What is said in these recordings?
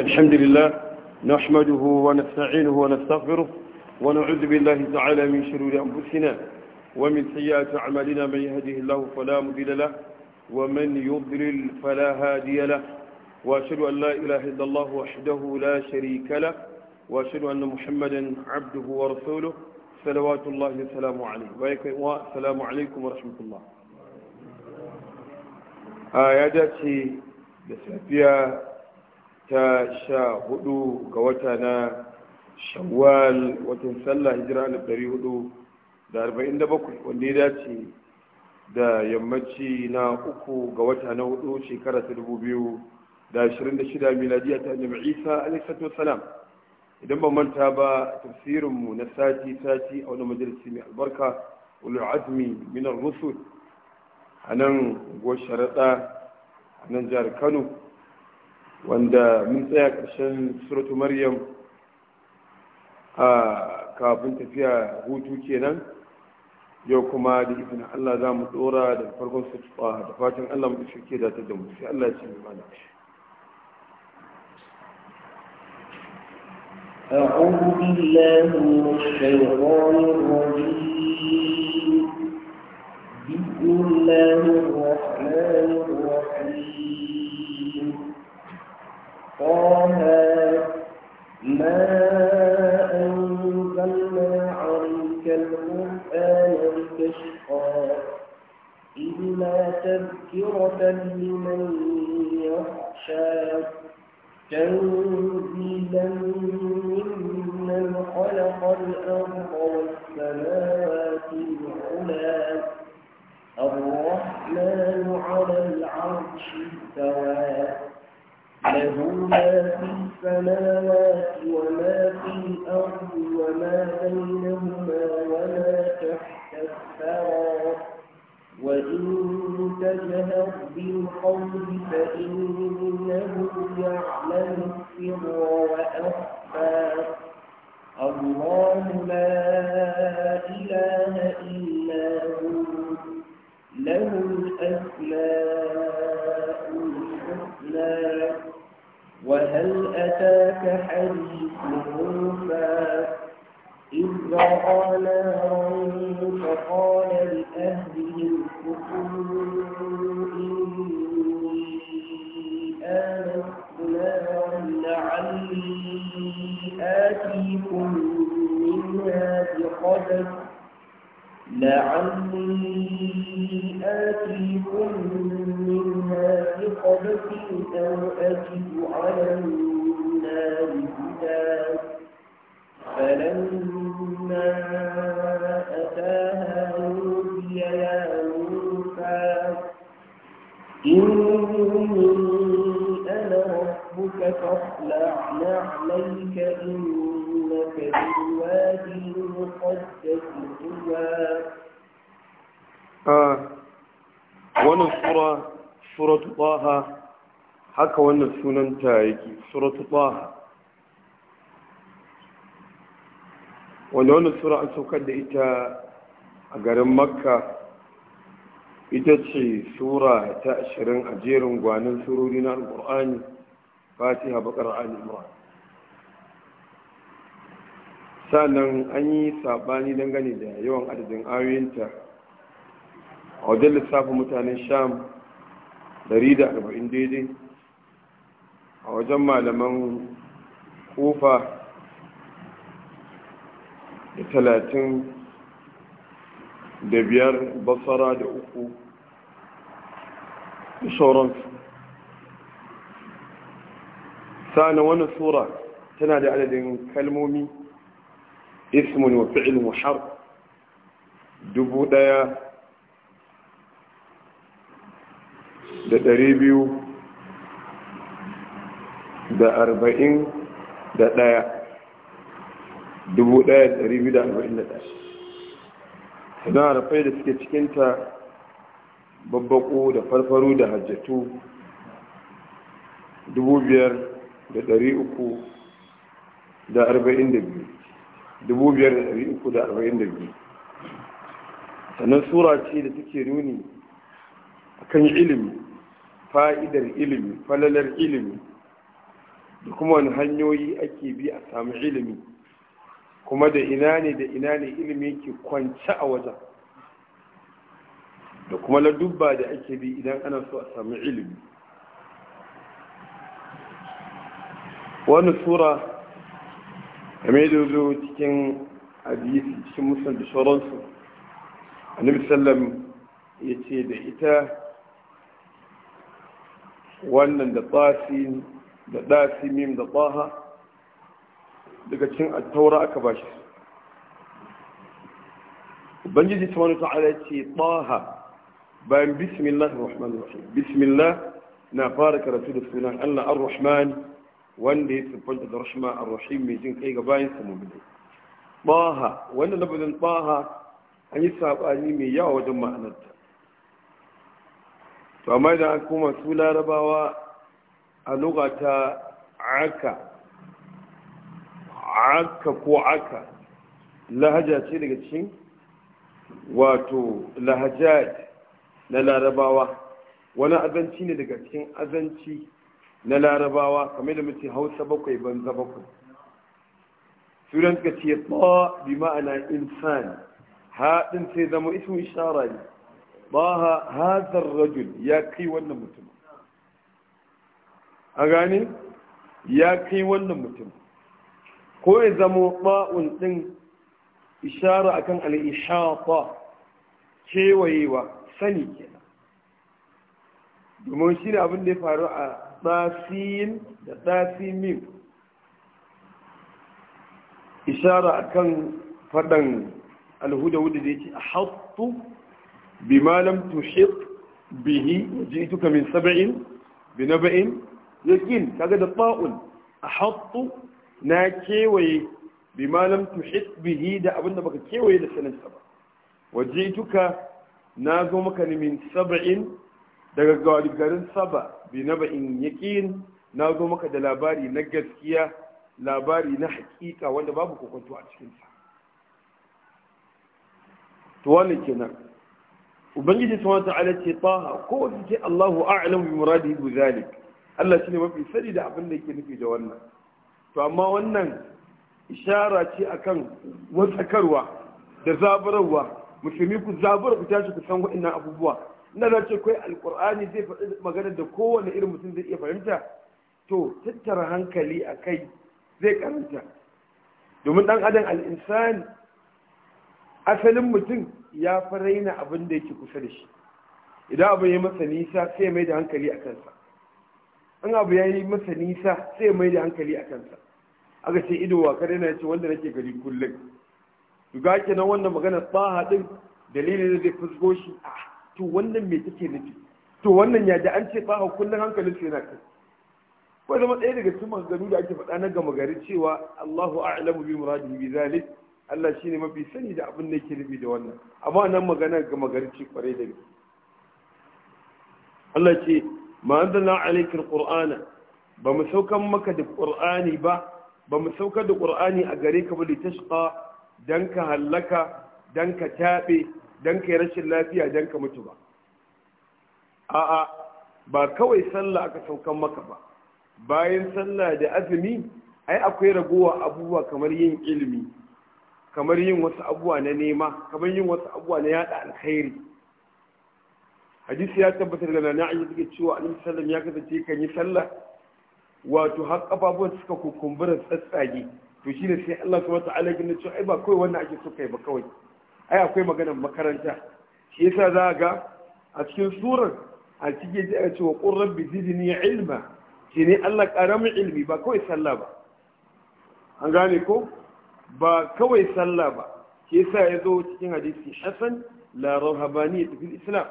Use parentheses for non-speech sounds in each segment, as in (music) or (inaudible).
الحمد لله نحمده ونستعينه ونستغفره ونعوذ بالله تعالى من شرور أنفسنا ومن سيئات أعمالنا من يهده الله فلا مضل له ومن يضلل فلا هادي له وأشهد أن لا إله إلا الله وحده لا شريك له وأشهد أن محمدا عبده ورسوله صلوات الله وسلامه عليه والسلام عليكم ورحمة الله آياتي آه، da فيها ta sha hudu ga wata na shawwal watan sallah hijira alif dari hudu da arba'in da bakwai wanda ya dace da yammaci na uku ga wata na hudu shekara ta dubu biyu da ashirin da shida miladiya ta annabi isa alaihi salam idan ba manta ba tafsirinmu na sati sati a wani majalisi mai albarka ulul azmi min ar-rusul anan gosharaɗa a nan jihar kano wanda mun tsaya ƙarshen suratu maryam a kafin tafiya hutu kenan yau kuma da izinin Allah za mu tsora da farkon su da fatan Allah mu shirke da ta da mu sai Allah ya ce mu mana أعوذ بالله من الشيطان الرجيم بسم الله الرحمن الرحيم طه ما أنزلنا عليك القرآن لتشقى إلا تذكرة لمن يخشى تنزيلا ممن خلق الأرض والسماوات العلى الرحمن على العرش استوى له ما في السماوات وما في الأرض وما بينهما وما تحت الثرى وإن تجهر بالقول فإنه يعلم السر وأخفى الله لا إله إلا هو له الأسماء الحسنى وهل أتاك حديث موسى إذ رأى نارا فقال لأهلهم كفوا إني آمنت نارا لعلي آتيكم منها بقدر لعلي آتيكم منها بقبس أو أجد على النار هدى فلما أتاها نودي يا موسى إني أنا ربك فاخلع نعليك إنك بالنسبة wannan sura suratu taha haka wannan sunan ta yake suratu taha wanda wannan sura an saukar da ita a garin makka ita ce sura ta ashirin a jerin gwanin surori na alƙur'ani fatiha al-imran sannan an yi saɓani dangane da yawan adadin ayoyinta a wajen lissafin mutanen sham 140 daidai a wajen malaman kofa da talatin da biyar basara da uku da sauransu sa'anin wani tsora tana da adadin kalmomi ismun wa fi'il muhar dubu ɗaya da ɗari biyu da arba'in da ɗaya dubu ɗaya da ɗari biyu da arba'in da ɗaya da suke cikinta babbaƙo da farfaru da hajjatu dubu biyar da ɗari uku da arba'in da biyu 5,342 sannan sura ce da take nuni akan ilimi fa'idar ilimi falalar ilimi da kuma wani hanyoyi ake bi a samu ilimi kuma da ina ne da ina ne ilimi yake kwanci a wajen da kuma ladubba da ake bi idan ana so a samu ilimi wani sura game da zo cikin hadisi cikin musul da sauransu annabi sallam ya ce da ita wannan da tsasin da mim da tsaha daga cin attaura aka ba shi ubangiji ta wani ta'ala ce tsaha bayan bismillah rahman rahim bismillah na fara karatu da sunan allah ar-rahman wanda ya siffanta da rashma ar-rahim mai jin kai ga bayan sa mu'mini baha wanda lafazin baha an yi mai yawa wajen ma'anarta to amma idan an koma su larabawa a lokata aka aka ko aka lahaja ce daga cikin wato lahaja na larabawa wani azanci ne daga cikin azanci na larabawa kamar da mace hausa bakwai banza bakwai turan ka ce ba bi ma'ana insani haɗin sai zama ismu ishara ne ba ha hazar rajul ya kai wannan mutum a gane ya kai wannan mutum ko ya zama ba'un ɗin ishara akan al'ishafa kewayewa sani kenan domin shi ne abin da ya faru a ɗasin da ɗasimim ishara akan faɗan alhuda-huda da ya ce a hattu bi malam tushit bihi ji ituka min saba'in bi na ba'in yakin kaga da ta'un a hattu na kewaye bi malam tushit bihi da abinda baka kewaye da saninsa ba waje ituka na zo maka min saba'in daga garin saba bi na ba'in yakin na zo maka da labari na gaskiya labari na haƙiƙa wanda babu kokonto a cikinsa to wani kenan ubangiji subhanahu ta'ala ce taha ko wace ce Allahu a'lamu bi muradi bi zalik Allah shine mafi sani da abin da yake nufi da wannan to amma wannan ishara ce akan wasakarwa da zaburarwa musulmi ku zabar, ku tashi ku san waɗannan abubuwa na da ce kai alkur'ani zai faɗi magana da kowane irin mutum zai iya fahimta to tattara hankali a kai zai karanta domin ɗan adam al'insani asalin mutum ya fi raina abin da yake kusa da shi idan abu ya yi masa nisa sai mai da hankali a kansa in abu ya yi masa nisa sai mai da hankali a kansa aka ce ido wa kare na ce wanda nake gari kullum duga kenan wannan magana tsaha din dalilin da zai fusgo shi a to wannan me take nufi to wannan ya da an ce ba kullun hankalin su yana kai ko zama ɗaya daga cikin maganganu da ake faɗa na gama gari cewa Allahu a'lamu bi muradihi bi zalik Allah shine mafi sani da abin da yake nufi da wannan amma nan magana gama gari ce kware da gaske Allah ce ma anzalna alayka alqur'ana ba mu saukan maka da qur'ani ba ba mu saukar da qur'ani a gare ka ba litashqa dan ka hallaka dan ka tabe don kai rashin lafiya don ka mutu ba a'a ba kawai sallah aka saukan maka ba bayan sallah da azumi ai akwai ragowa abubuwa kamar yin ilimi kamar yin wasu abubuwa na nema kamar yin wasu abubuwa na yada alkhairi hadisi ya tabbatar da na ayi suke cewa annabi sallam ya kasance kan yi sallah wato har kafafuwan suka kukumbura tsatsage to shine sai Allah subhanahu wa ta'ala ya cewa, ai ba kawai wannan ake so kai ba kawai ai akwai magana makaranta shi yasa za ga a cikin surar a cikin da cewa qur rabbi zidni ilma shi ne Allah karamin ilmi ba kawai sallah ba an gane ko ba kawai sallah ba shi yasa ya zo cikin hadisi hasan la rahabani fi islam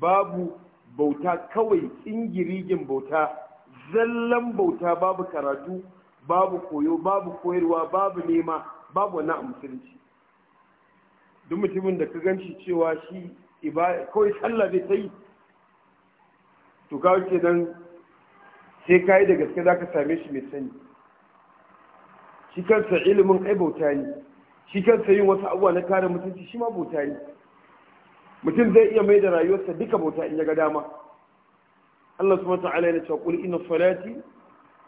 babu bauta kawai tsingirigin bauta zallan bauta babu karatu babu koyo babu koyarwa babu nema babu wani musulunci duk mutumin da ka ganci cewa shi kawai sallah bai ta yi to kawo ke nan sai ka yi da gaske za ka same shi mai sani shi kansa ilimin kai bauta ne shi kansa yin wasu abuwa na kare mutunci shi ma bauta ne mutum zai iya mai da rayuwarsa duka bauta in ya ga dama Allah su mata ta'ala yana cewa inna salati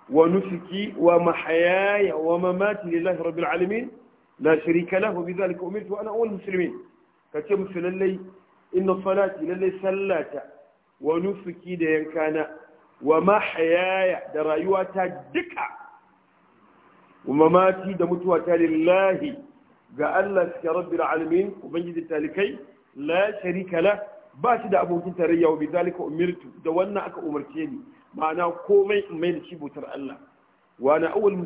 wa nusuki wa mahayaya wa mamati lillahi rabbil alamin la sharika lahu bi zalika umirtu ana awwal muslimin kace musu lallai inna salati lallai sallata wa nusuki da yankana wa mahayaya da rayuwata dika. wa mamati da mutuwata lillahi ga Allah suke rabbil alamin ubangiji talikai la sharika la ba shi da abokin tarayya wa bizalika umirtu da wannan aka umarce ni ma'ana komai in mai da bautar Allah wa na awwal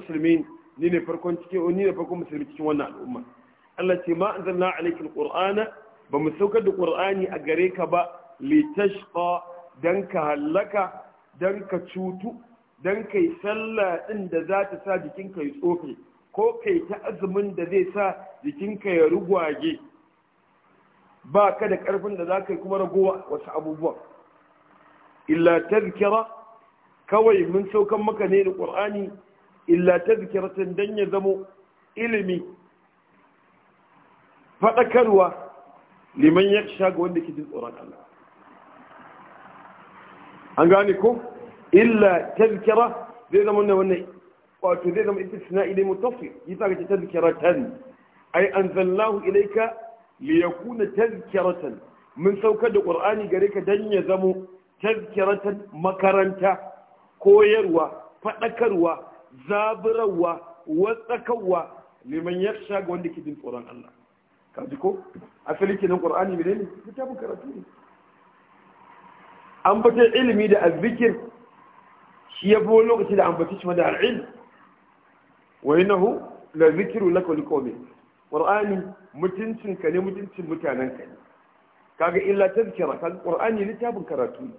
ni ne farkon cikin ni ne farkon musulmi cikin wannan al'umma Allah ce ma anzalna alayka alqur'ana ba mu saukar da qur'ani a gare ka ba litashqa dan ka hallaka dan ka cutu dan kai sallah din da za ta sa jikinka ya tsofe ko kai ta azumin da zai sa jikinka ya rugwage ba ka da karfin da za ka yi kuma ragowa wasu abubuwan illa tazkira kawai mun saukan maka ne da qur'ani illa tazkiratan dan ya zamo ilimi faɗakarwa liman yaksha ga wanda ke jin tsoron Allah an gane ko illa tazkira zai zama wannan wannan wato zai zama istisna ilai mutafi yasa ga tazkiratan ay anzalnahu ilayka liyakuna tazkiratan mun saukar da qur'ani gare ka dan ya zamo tazkiratan makaranta koyarwa fadakarwa zaburarwa Watsakawa, liman ya ga wanda ke jin tsoron Allah ka ji ko asali kenan qur'ani mene ne littafin karatu ne an bata ilimi da azzikir shi ya bo lokaci da ambaci shi da al'il. wa innahu la zikru laka li qawmi qur'ani mutuncin ka ne mutuncin mutanen ka ne kaga illa tazkira kaga qur'ani littafin karatu ne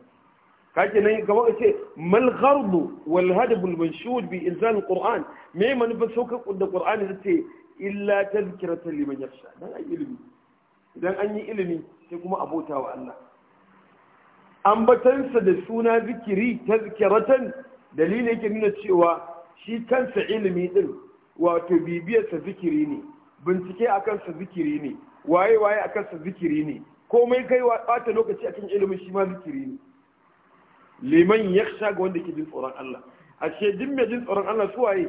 kake nan gaba ka ce mal ghardu wal hadab al manshud bi inzal al qur'an me manufar saukar da qur'ani da ce illa tazkiratan liman yakhsha dan ai ilimi idan an yi ilimi sai kuma abota wa Allah ambatansa da suna zikiri tazkiratan dalilin yake nuna cewa shi kansa ilimi din wato bibiyarsa zikiri ne bincike akan sa zikiri ne waye waye akan sa zikiri ne komai kai bata lokaci akan ilimin shi ma zikiri ne liman yakhsha ga wanda ke jin tsoron Allah a ce duk mai jin tsoron Allah su waye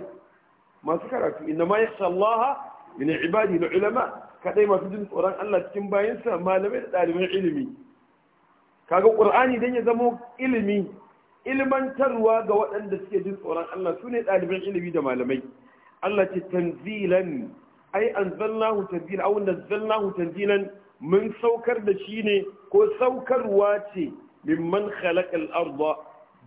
masu karatu inda ma yakhsha Allah min ibadi da ulama kadai masu jin tsoron Allah cikin bayansa malamai da ɗaliban ilimi kaga qur'ani dan ya zama ilimi ilmantarwa ga waɗanda suke jin tsoron Allah su ne ɗaliban ilimi da malamai Allah ce tanzilan ai anzalnahu tanzila aw nazzalnahu tanzilan mun saukar da shi ne ko saukarwa ce mimman khalaqal arda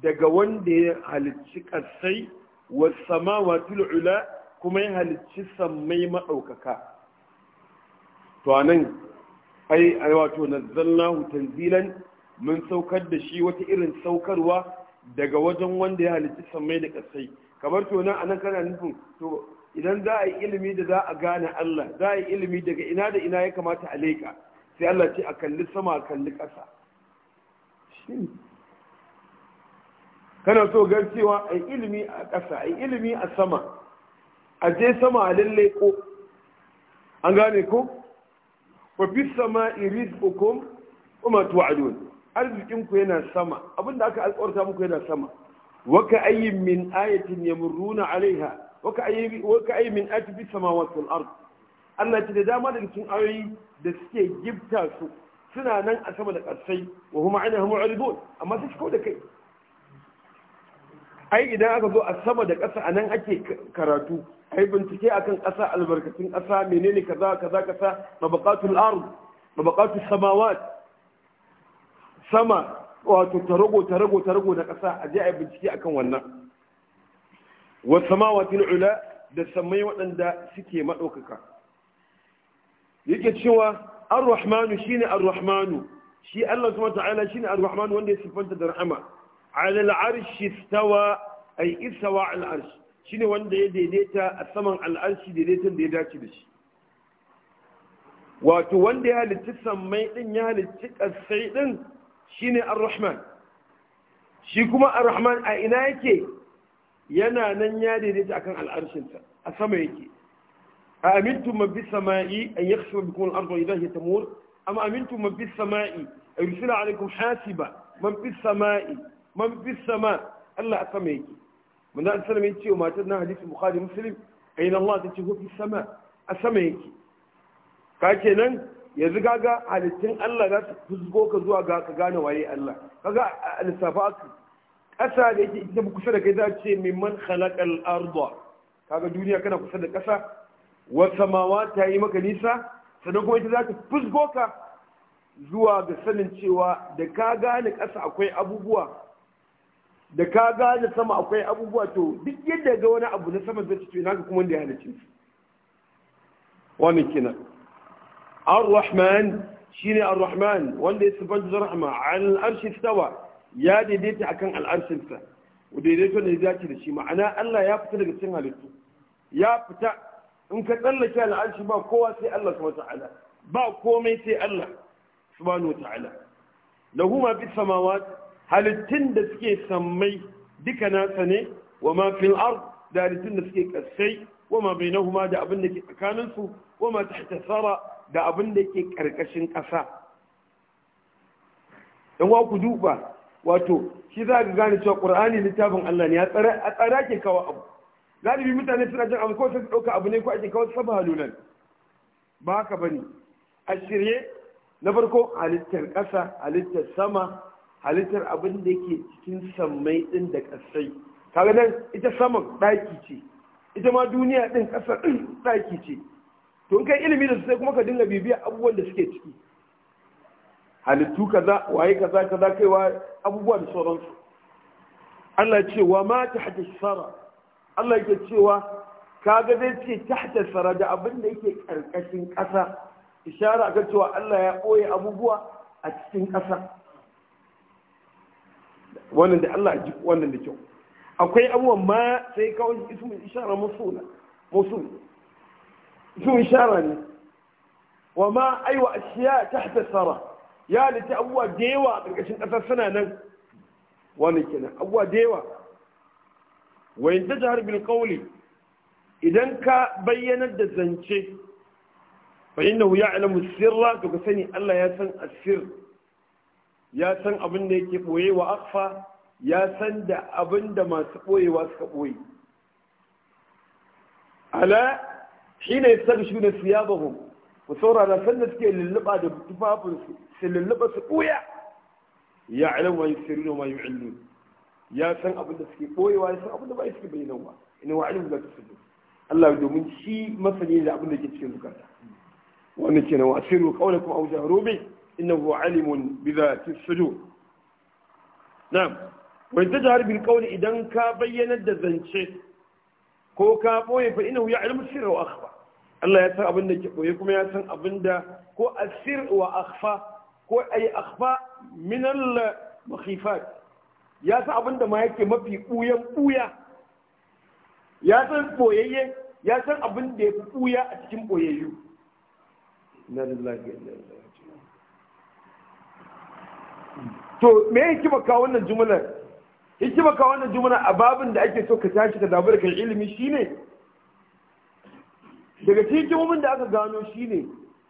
daga wanda ya halicci kasai was samawati ula kuma ya halicci sammai madaukaka to anan ai ai wato nazzalnahu tanzilan mun saukar da shi wata irin saukarwa daga wajen wanda ya halicci sammai da kasai kamar to nan anan kana nufin to idan za a yi ilimi da za a gane Allah za a yi ilimi daga ina da ina ya kamata a leƙa sai Allah ce a kalli sama a kalli ƙasa kana so gan cewa a ilimi a ƙasa a ilimi a sama a je sama a lalle ko an gane ko wa fi sama iris hukum kuma tu'adun arzikin ku yana sama abinda aka alƙawarta muku yana sama wa ka ayyin min ayatin yamurruna alaiha wa ka min ayati fi wal ard Allah ya ce da dama daga cikin ayoyi da suke gifta su suna nan a sama da ƙasai wa kuma ana hamu alibon amma sun shiko da kai ai idan aka zo a sama da ƙasa a nan ake karatu ai bincike akan ƙasa albarkatun ƙasa menene kaza kaza kaza mabaqatul ard mabaqatul samawat sama wato tarago tarago tarago na ƙasa a je ai bincike akan wannan wa samawati ula da samai waɗanda suke madaukaka yake cewa ar-rahmanu shine ar-rahmanu shi Allah subhanahu ta'ala shine ar-rahman wanda ya sifanta da rahama ala al-arsh istawa ay istawa ala al-arsh shine wanda ya daidaita a saman al-arshi daidaitan da ya dace da shi wato wanda ya halitta sammai din ya halitta kasai din shine ar-rahman shi kuma ar-rahman a ina yake yana nan ya daidaita akan al-arshinsa a sama yake أأمنتم من في السماء أن يخسف بكم الأرض وإذا هي تمور أم أمنتم من في السماء أن يرسل عليكم حاسبة من في السماء من في السماء ألا أسميك من ذلك السلام يتشي وما تدنا حديث البخاري مسلم أين الله تتشيه في السماء أسميك كاكينا yanzu على halittun ألا لا تزقوك fusgo ka وعي ألا ka gane waye Allah kaga إذا ƙasa da yake ita kusa da kai za ce mimman khalaqal wasamawa ta yi maka nisa sannan kuma ita za ta fusgo ka zuwa ga sanin cewa da ka gane ƙasa akwai abubuwa da ka gane sama akwai abubuwa to duk yadda ga wani abu na sama zai ci tuni ga kuma wanda ya halice su wani kina ar-rahman shine ar-rahman wanda ya sifanta da rahma al arshi stawa ya daidaita akan al arshin sa daidaito ne ya dace da shi ma'ana Allah ya fita daga cikin halittu ya fita in ka tsallake al'arshi ba kowa sai Allah subhanahu wata'ala ba komai sai Allah subhanahu wata'ala da huma fi samawat halittun da suke sammai duka nasa ne wa ma fi al'ar da halittun da suke kasai wa ma huma da abin da ke tsakanin su wa ma ta sara da abin da ke karkashin kasa dan wa ku duba wato shi za ka gane cewa qur'ani littafin Allah ne a tsara ke kawo abu galibi mutane suna jin abu ko sai su ɗauka abu ne ko ake kawo saba halulan ba haka bane a shirye na farko halittar kasa halittar sama halittar abin da ke cikin sammai ɗin da ƙasai kaga nan ita saman ɗaki ce ita ma duniya ɗin ƙasar (clears throat) ɗaki ce to in kai ilimi da sai kuma ka dinga bibiya abubuwan da suke ciki halittu kaza waye kaza kaza kaiwa abubuwa da sauransu Allah ce wa ma ta hajji sara Allah yake cewa kaga zai ce tahta sarada abin da yake karkashin ƙasa ishara ga cewa Allah ya ɓoye abubuwa a cikin ƙasa wannan da Allah ji wannan da kyau akwai abubuwan ma sai kawai ismin ishara musula musul ismin ishara ne wa ma aiwa ashiya tahta sara ya lita abubuwa da yawa a ƙarƙashin ƙasa suna nan wani kenan abubuwa da yawa wa in tajhar bil idan ka bayyanar da zance fa innahu ya'lamu sirra to ka sani Allah ya san asir ya san abin da yake ɓoye wa akfa ya san da abin da masu ɓoyewa suka ɓoye. ala shi ne shine yasabshuna siyabahum ku saurara sanda suke lulluɓa da tufafinsu su lulluɓa su ɓuya ya alamu wa yi sirri ma yi ya san abin da suke boyewa ya san abin da ba suke bayyanarwa ina wa alim zaka sudu Allah domin shi masani da abin da ke cikin zukata wannan kenan wa asiru qawlakum aw jahru bi innahu alimun bi dhati sudur na'am wa ta jahar bil qawli idan ka bayyana da zance ko ka boye fa innahu ya'lamu sirra wa akhfa Allah ya san abin da ke boye kuma ya san abin da ko asir wa akhfa ko ay akhfa min al makhifat ya san abin da ma yake mafi ɓuyan ɓuya ya san ɓoyayye ya san abin da ya fi ɓuya a cikin ɓoyayyu na lillahi to me ya hikima kawo wannan jumlar hikima kawo wannan jumlar a babin da ake so ka tashi ka damar da ilimi ilimi shine daga cikin hikimomin da aka gano shine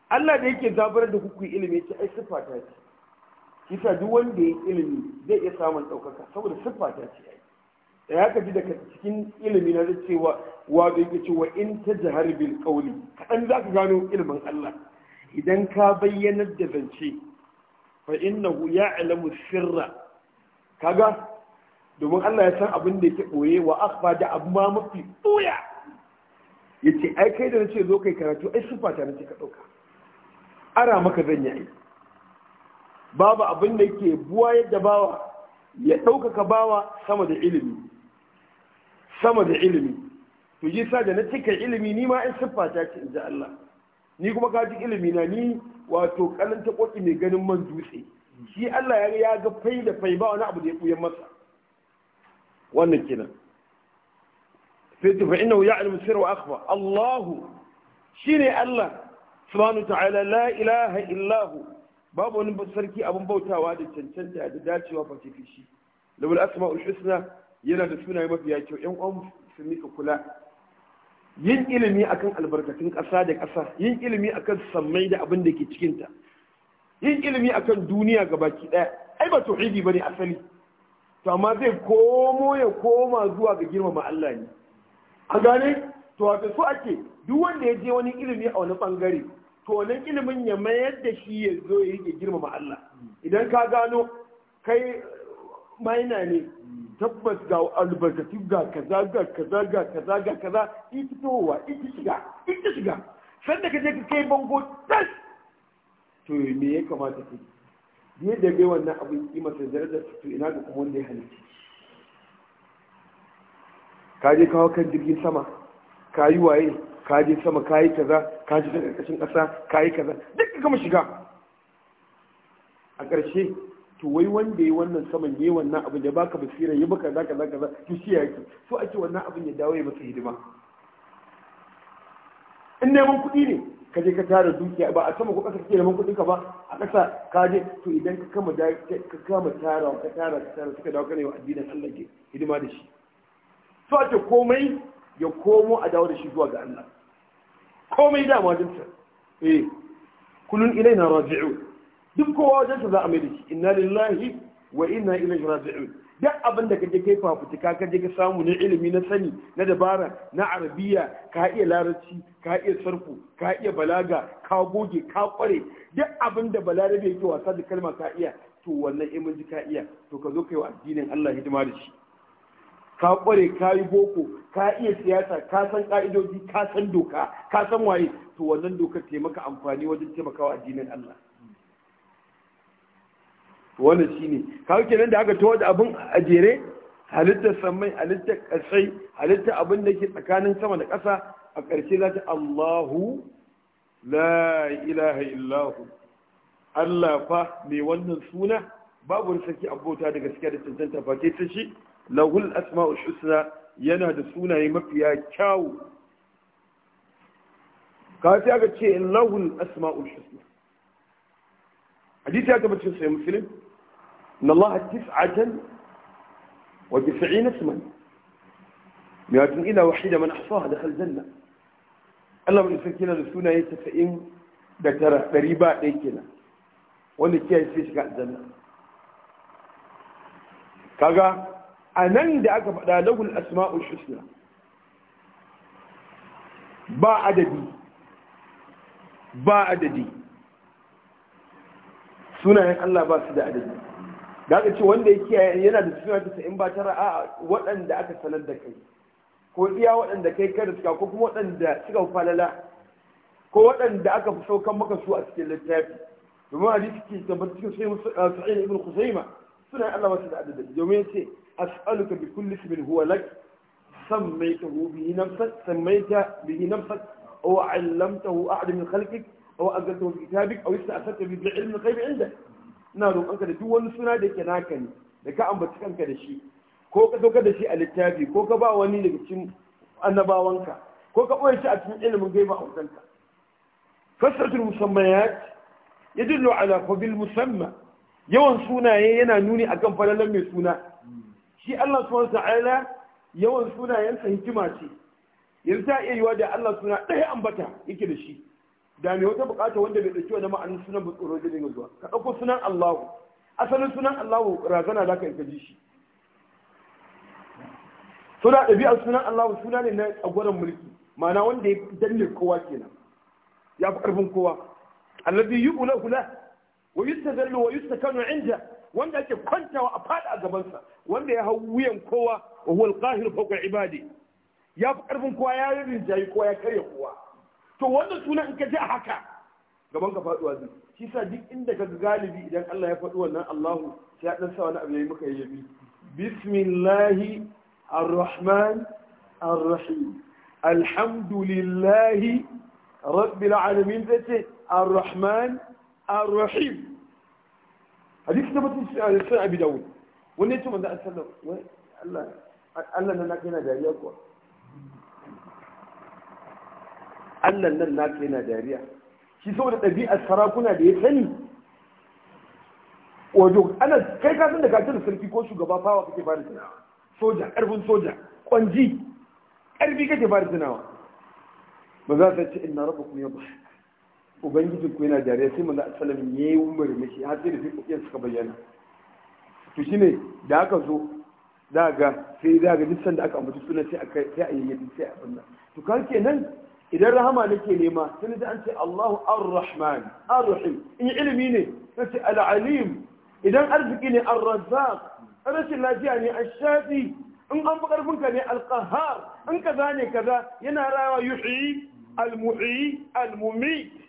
Allah da yake zabar da hukun ilimi ya ce ai sifa ta ce kisa duk wanda ya ilimi zai iya samun ɗaukaka saboda siffa ta ce ai da ya kaji daga cikin ilimi na zai cewa wa bai ke cewa in ta jihar bil kauli kaɗan za ka gano ilimin Allah idan ka bayyanar da zance fa innahu ya'lamu sirra kaga domin Allah ya san abin da yake boye wa akhfa da abu ma mafi Ya yace ai kai da nace zo kai karatu ai sifa ta nace ka dauka ara maka zan yi babu abin da ke buwa yadda bawa ya ɗaukaka bawa sama da ilimi sama da ilimi to yi sa da na cika ilimi ni ma in siffa ta ce inji Allah ni kuma ka ji ilimi na ni wato ta koki mai ganin man dutse shi Allah ya ya ga fai da fai ba wani abu da ya buya masa wannan kenan sai ta fa innahu ya'lamu sirra wa akhfa Allah shine Allah subhanahu ta'ala la ilaha illa hu babu wani sarki abin bautawa da cancanta da dacewa face fishi lawal asma'ul husna yana da sunaye mafiya kyau yan uwan su mika kula yin ilimi akan albarkatun ƙasa da ƙasa yin ilimi akan sammai da abin da ke cikinta yin ilimi akan duniya ga baki ɗaya ai ba tauhidi bane asali to amma zai komo ya koma zuwa ga girmama Allah ne a gane to wato su ake duk wanda ya je wani ilimi a wani bangare to nan ilimin ya mayar da shi ya zo ya yi girmama Allah idan ka gano kai maina ne tabbas ga albarkatu ga kaza ga kaza ga kaza ga kaza in fitowa in shiga ita shiga sanda ka ka kai bango tas to me ya kamata ka yi biye da bai wannan abin kima sai daraja to ina ga kuma wanda ya halitta ka je kawo kan jirgin sama ka yi waye ka je sama ka yi kaza ka shiga ƙarƙashin ƙasa ka yi kaza duk ka kama shiga a ƙarshe to wai wanda yi wannan saman ya wannan abin da baka basira ya baka zaka zaka za ki shi yake so ake wannan abin ya dawo ya masa hidima in neman kuɗi ne ka je ka tara dukiya ba a sama ko ƙasa kake neman kuɗin ka ba a ƙasa ka je to idan ka kama ka kama tara ka tara ka tara suka dawo kana yi wa addinin Allah ke hidima da shi so ake komai ya komo a dawo da shi zuwa ga Allah komai da majinta eh kullun ilaina raji'u duk kowa wajinta za a mai da shi inna lillahi wa inna ilaihi raji'u duk abin da kaje kai fafutuka kaje ka samu na ilimi na sani na dabara na arabiya ka iya larabci ka iya sarfu ka iya balaga ka goge ka kware duk abin da balarabe yake wasa da kalma ka iya to wannan ji ka iya to ka zo kai wa addinin Allah hidima da shi ka kware ka yi boko ka iya siyasa ka san ka'idoji ka san doka ka san waye to wannan doka taimaka amfani wajen taimakawa addinin Allah wannan shine kawo nan da aka tawo da abin a jere halittar samai halittar ƙasai halittar abin da ke tsakanin sama da ƙasa a ƙarshe za ta Allahu la ilaha illahu Allah fa mai wannan suna babu wani saki abota da gaskiya da cancanta ke ta shi lahul asma'ul husna yana da sunaye mafiya kyawu ka sai aka ce lahul asma'ul husna hadisi aka bace sai muslim ان الله تسعة وتسعين اسما مئة إلا وحيدة من أحصاها دخل الجنة الله من da لسونا يتسعين دكرة قريبا ديكنا wanda kiyaye sai shiga aljanna kaga a nan da aka faɗa lahul asma'ul shusna ba adadi ba adadi sunayen Allah ba su da adadi da aka ce wanda ya kiyaye yana da suna ta in ba tara a waɗanda aka sanar da kai ko iya waɗanda kai ka riska ko kuma waɗanda suka falala ko waɗanda aka fi saukan maka su a cikin littafi domin hadisi ke tabbata cikin sahih ibn Khuzaimah sunan Allah ba su da adadi domin ya ce أسألك بكل اسم هو لك سميته به نفسك سميت به نفسك أو علمته أحد من خلقك أو أنزلته في كتابك أو استأثرت به بعلم الغيب عندك نارو أنك دو wani suna da ke naka ne da ka ambaci kanka da shi ko ka dauka da shi a littafi ko ka ba wani daga cikin annabawanka ko ka boye shi a cikin ilimin gaiba a wajenka kasratul yawan sunaye yana nuni akan falalan mai suna shi Allah subhanahu ta'ala yawan suna 'yan hikima ce yanzu ta iya yiwa da Allah suna ɗaya ambata yake da shi da me wata bukata wanda bai ɗauki wani ma'anin sunan tsoro zai dinga zuwa ka ɗauko sunan Allahu asalin sunan Allahu razana za ka yanka ji shi suna ɗabi'ar sunan Allahu suna ne na tsagwaron mulki ma'ana wanda ya danne kowa kenan ya fi ƙarfin kowa alladhi yu'la kula wa yustazallu wa yustakanu inda wanda ake kwantawa a fada a gabansa wanda ya hau wuyan kowa wa huwal qahir fawqa ibadi ya fi karfin kowa ya rinjayi kowa ya karya kowa to wannan sunan in ka ji a haka gaban ka faduwa zai shi sa duk inda ka galibi idan Allah ya faɗi wannan Allahu sai ya dan sa wani abu yayi muka yabi bismillahi arrahman arrahim alhamdulillahi rabbil alamin zai ce arrahman arrahim hadisi tabbatar shi eh, sun abi dawud wani ya ce manzo sallam wai Allah Allah nan naka yana dariya kuwa Allah nan naka yana dariya shi saboda ɗabi'ar sarakuna da ya sani wajo ana kai ka san da ka da sarki ko shugaba fawa kake fara tunawa soja ƙarfin soja ƙwanji ƙarfi kake fara tunawa ba za ta ce inna rabbakum yadhhak ubangiji ku yana dariya sai manzo sallam yayi murmushi har sai da fiƙoƙin suka bayyana to shine da aka zo za ga sai za ga duk sanda aka ambaci sunan sai aka sai a yi sai a banna to kan kenan idan rahama nake nema sai da an ce Allahu Ar-Rahman Ar-Rahim in ilimi ne sai ce Al-Alim idan arziki ne Ar-Razzaq rashin lafiya ne Ash-Shafi in an fi karfinka ne Al-Qahhar in kaza ne kaza yana rawa yuhi al muhi al-mumit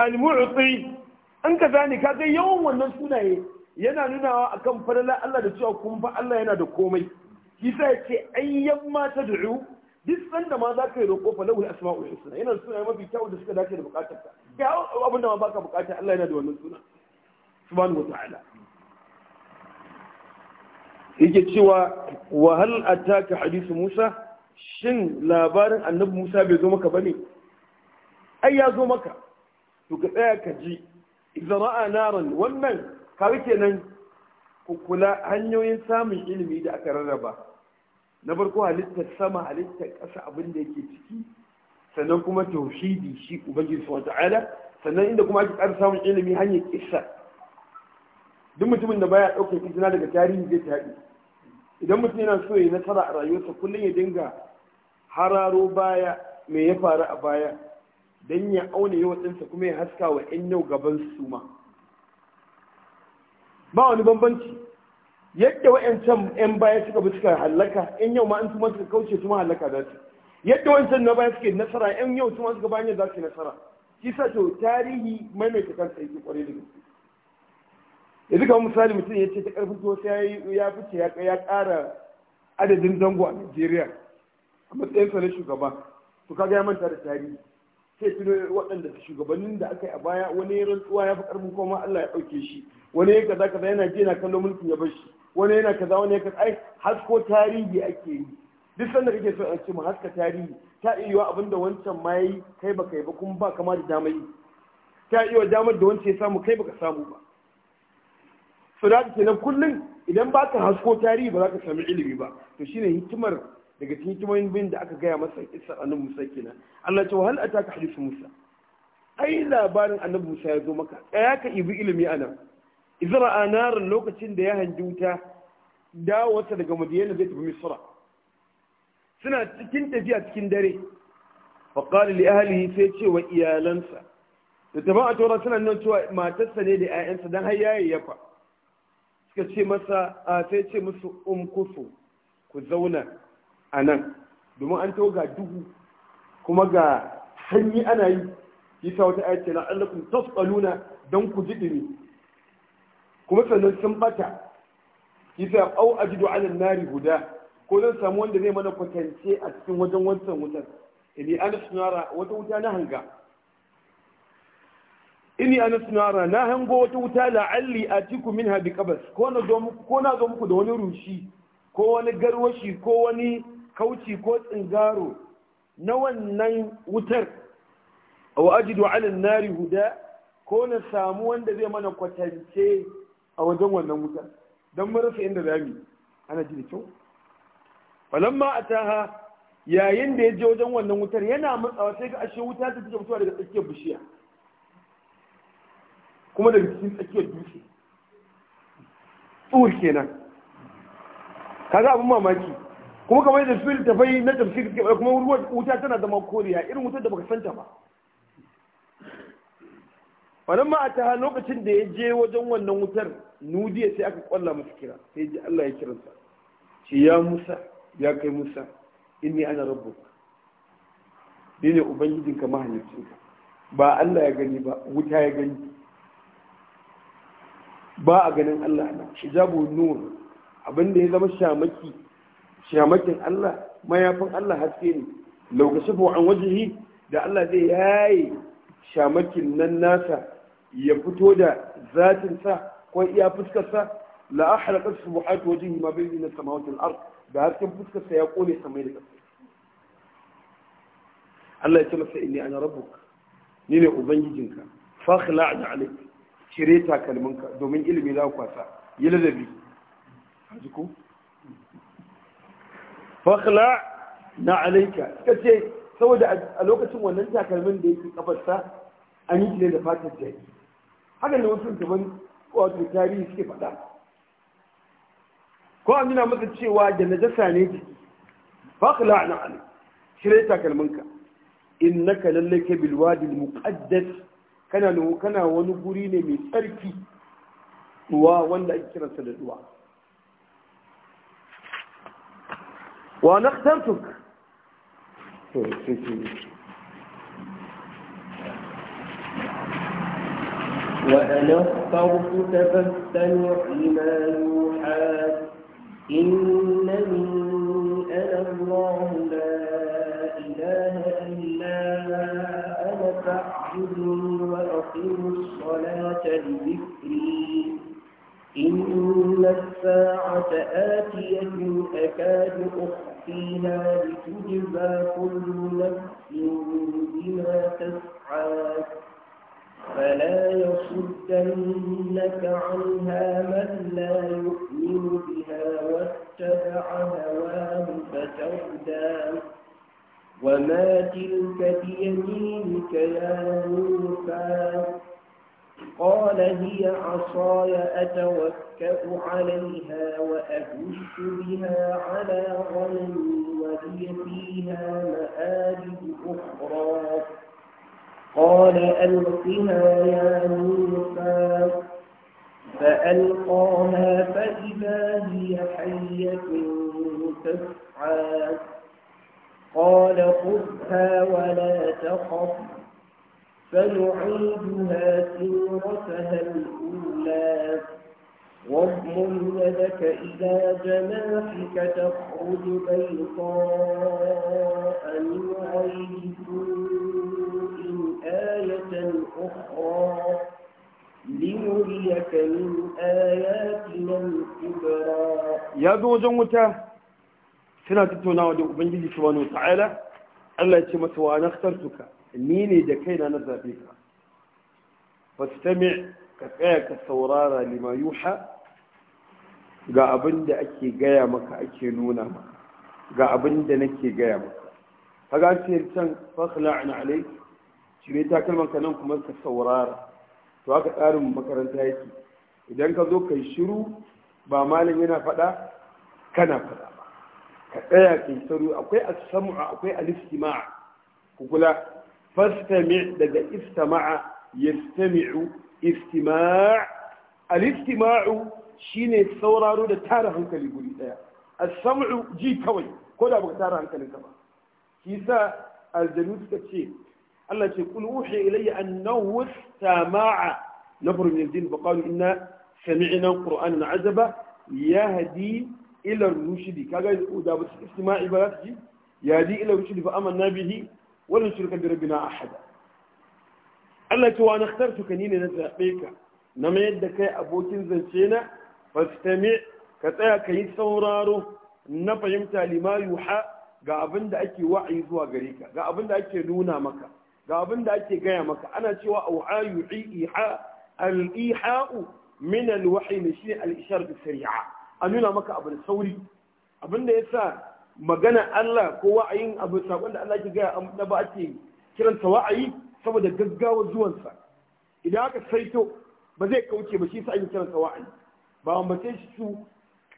al-mu'ti an ka zani kaga yawan wannan sunaye yana nunawa akan fadala Allah da cewa kun fa Allah yana da komai kisa yace ayyan ma tad'u duk sanda ma za ka yi roƙo fa lahu asma'ul husna yana da sunaye mafi kyau da suka dace da bukatar ka abin abinda ma baka bukata Allah yana da wannan suna subhanahu wata'ala yake cewa wa hal ataka hadisu Musa shin labarin annabi Musa bai zo maka bane ai ya zo maka to ka tsaya ka ji idan ra'a naran wannan kawai kenan ku kula hanyoyin samun ilimi da aka rarraba na farko halittar sama halittar ƙasa abin da yake ciki sannan kuma tauhidi shi ubangiji subhanahu ta'ala sannan inda kuma ake ƙara samun ilimi hanyar kissa duk mutumin da baya ɗaukar izina daga tarihi zai taɗi idan mutum yana so ya yi nasara a rayuwarsa kullum ya dinga hararo baya me ya faru a baya don ya auna yau ɗinsa kuma ya haska wa 'yan yau gaban su ma ba wani bambanci yadda wa'yancan 'yan baya suka bi suka hallaka 'yan yau ma an tuma suka kauce ma hallaka za su yadda wancan na baya suke nasara 'yan yau tuma suka bayan za su nasara shi sa to tarihi maimaita kansa yake kwarai da gaske yanzu kamar misali mutum ya ce ta karfin tuwo sai ya fice ya ƙara adadin zango a najeriya a matsayinsa na shugaba to kaga ya manta da tarihi sai tuno waɗanda shugabannin da aka yi a baya wani ya rantsuwa ya fi ƙarfin koma Allah ya ɗauke shi wani ya kaza kaza yana je na kallo mulkin ya bar shi wani yana kaza wani ya kaza ai hasko tarihi ake yi duk sanda kake so a ce mu haska tarihi ta iya yiwa abinda wancan ma yayi kai baka yi ba kuma ba kama da damar yi ta iya damar da wancan ya samu kai baka samu ba so da kenan kullum idan baka hasko tarihi ba za ka sami ilimi ba to shine hikimar daga cikin kimoyin bin da aka gaya masa isa annabi musa kenan Allah ce wahal ataka hadithu musa ai labarin annabi musa ya zo maka tsaya ka ibi ilimi ana izra anar lokacin da ya hanji wuta dawowarsa daga madiyana zai tafi misra suna cikin tafiya cikin dare faƙali li ahlihi sai ce wa iyalansa da taban a tora suna nan cewa matarsa ne da 'ya'yansa don har yayi yafa suka ce masa a sai ce musu umkusu ku zauna a nan domin an tawo ga duhu kuma ga hanyi ana yi sa wata ayat ce na allakum tasqaluna dan ku ji dini kuma sannan sun bata sa au ajidu ala nari guda ko zan samu wanda zai mana kwatance a cikin wajen wancan wutar ini ana sunara wata wuta na hanga ini ana sunara na hango wata wuta la'alli a tiku min habi kabas ko na zo muku da wani rushi ko wani garwashi ko wani kauci ko tsingaro na wannan wutar a ajidu alin nari huda ko na samu wanda zai mana kwatance a wajen wannan wutar don marasa inda mu ana ji da kyau ma a taha yayin da ya je wajen wannan wutar yana matsawa sai ga ashe wuta ta take fitowa daga tsakiyar bishiya kuma daga cikin tsakiyar dutse tsuhur kenan kaga abin mamaki kuma kamar da fil ta fai na tafsir kuma wuta tana zama koriya irin wutar da baka santa ba wannan ma a ta lokacin da ya je wajen wannan wutar nudiya sai aka kwalla masa kira sai ji Allah ya kiransa shi ya Musa ya kai Musa inni ana rabbu. ni ne ubangijinka mahalicinka ba Allah ya gani ba wuta ya gani ba a ganin Allah na hijabu nur abinda ya zama shamaki shamakin Allah mayafin Allah haske ne lokacin fa an wajihi da Allah zai yayi shamakin nan nasa ya fito da zatin sa ko iya fuskar sa la ahlaqat subuhat wajhi ma bayna samawati al-ard da hasken fuskar sa ya kone samai da ƙasa Allah ya ce masa inni ana rabbuk ni ne ubangijinka fa khla'a alayk cire takalminka domin ilimi za ku kwasa yi ladabi haji ko fakhla na alaika ka ce saboda a lokacin wannan takalmin da yake kafarsa an yi ne da fatar jari haka ne wasu gaban wato tarihi suke faɗa ko an nuna masa cewa da najasa ne jiki fakhla na alaika shirya takalminka innaka lallake bilwadi muqaddas kana kana wani guri ne mai tsarki duwa wanda ake kiransa da duwa وأنا اخترتك وأنا اخترتك فاستمع لما يوحى إنني أنا الله لا إله إلا أنا فاعبدني وأقيم الصلاة لذكري إن الساعة آتية أكاد أخرى فيها لتجزى كل نفس بما تسعى فلا يصدنك عنها من لا يؤمن بها واتبع هواه فتردى وما تلك بيمينك يا موسى قال هي عصاي أتوكأ عليها وأهش بها على غنمي ولي فيها مآرب أخرى قال ألقها يا موسى فألقاها فإذا هي حية تسعى قال خذها ولا تخف فنعيدها سيرتها الأولى واضمن يدك إلى جناحك تخرج بيضاء من غير سوء آية أخرى لنريك من آياتنا الكبرى يا ذو جمتا سنة تتونا ودعو بنجي سبحانه وتعالى الله يتمسوا أنا اخترتك ni ne da kaina na zaɓe ka fastami ka tsaya ka saurara lima yuha ga abin da ake gaya maka ake nuna maka ga abin da nake gaya maka kaga ce can fakhla na alai cire takalman ka nan kuma ka saurara to haka tsarin makaranta yake idan ka zo ka yi shiru ba malam yana faɗa kana faɗa ba ka tsaya yi saru akwai a sama akwai al-istima' ku fastami daga istama'a yastami'u istima' al-istima'u shine sauraro da tara hankali guri daya as-sam'u ji kawai ko da baka tara hankalinka ba kisa sa aljanu suka ce Allah ce kul uhi ilayya annahu istama'a nafar min al-jinn qalu inna sami'na qur'anan azaba yahdi ila ar-rushd kaga da ba istima'i ba ji yahdi ila ar-rushd fa amanna bihi wannan shirka da rabina a hada Allah ce wa na ƙasar suka ne na zaɓe ka na mayar da kai abokin zance na fasitame ka tsaya ka yi sauraro na fahimta limayu ha ga abin ake wa'ayi zuwa gare ka ga abin da ake nuna maka ga abin ake gaya maka ana cewa a wa'ayu iha al-iha'u min al-wahi al-ishar da shari'a a nuna maka abin sauri Abinda da ya sa magana Allah ko wa'ayin abu sakon da Allah ke gaya na ba ake kiransa wa'ayi saboda gaggawa zuwansa idan aka saito ba zai kauce ba shi sa ake kiransa wa'ayi ba an bace shi su